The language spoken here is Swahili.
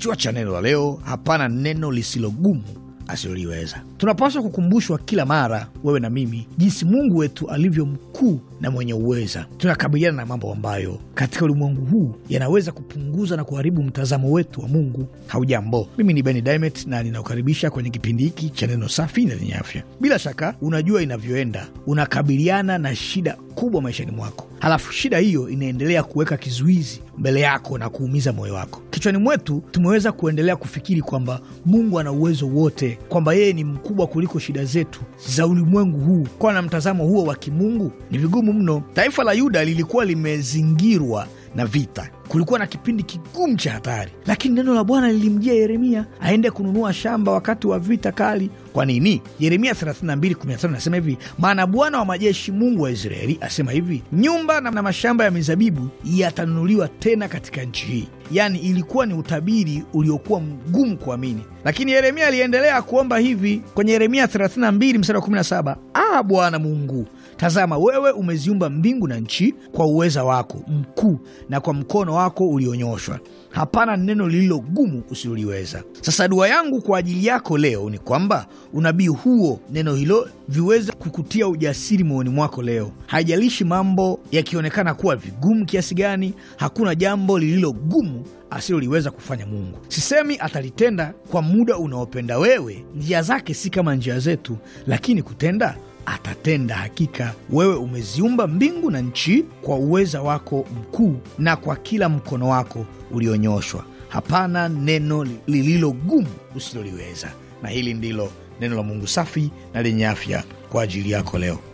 Kichwa cha neno la leo: hapana neno lisilogumu asiloliweza. Tunapaswa kukumbushwa kila mara, wewe na mimi, jinsi Mungu wetu alivyo mkuu na mwenye uweza. Tunakabiliana na mambo ambayo katika ulimwengu huu yanaweza kupunguza na kuharibu mtazamo wetu wa Mungu. Haujambo, mimi ni Beni Dimet na ninakukaribisha kwenye kipindi hiki cha neno safi na lenye afya. Bila shaka unajua inavyoenda, unakabiliana na shida kubwa maishani mwako, halafu shida hiyo inaendelea kuweka kizuizi mbele yako na kuumiza moyo wako kichwani mwetu tumeweza kuendelea kufikiri kwamba Mungu ana uwezo wote, kwamba yeye ni mkubwa kuliko shida zetu za ulimwengu huu. Kwa na mtazamo huo wa kimungu ni vigumu mno. Taifa la Yuda lilikuwa limezingirwa na vita, kulikuwa na kipindi kigumu cha hatari, lakini neno la Bwana lilimjia Yeremia aende kununua shamba wakati wa vita kali, kwa nini? Yeremia 32:15 nasema hivi, maana Bwana wa majeshi, Mungu wa Israeli, asema hivi, nyumba na mashamba ya mizabibu yatanunuliwa tena katika nchi hii. Yaani ilikuwa ni utabiri uliokuwa mgumu kuamini, lakini Yeremia aliendelea kuomba hivi kwenye Yeremia 32 17, Bwana Mungu Tazama, wewe umeziumba mbingu na nchi kwa uweza wako mkuu na kwa mkono wako ulionyoshwa, hapana neno lililo gumu usiloliweza. Sasa dua yangu kwa ajili yako leo ni kwamba unabii huo, neno hilo viweze kukutia ujasiri moyoni mwako leo. Haijalishi mambo yakionekana kuwa vigumu kiasi gani, hakuna jambo lililo gumu asiloliweza kufanya Mungu. Sisemi atalitenda kwa muda unaopenda wewe, njia zake si kama njia zetu, lakini kutenda atatenda hakika. Wewe umeziumba mbingu na nchi kwa uweza wako mkuu na kwa kila mkono wako ulionyoshwa, hapana neno lililo gumu usiloliweza. Na hili ndilo neno la Mungu safi na lenye afya kwa ajili yako leo.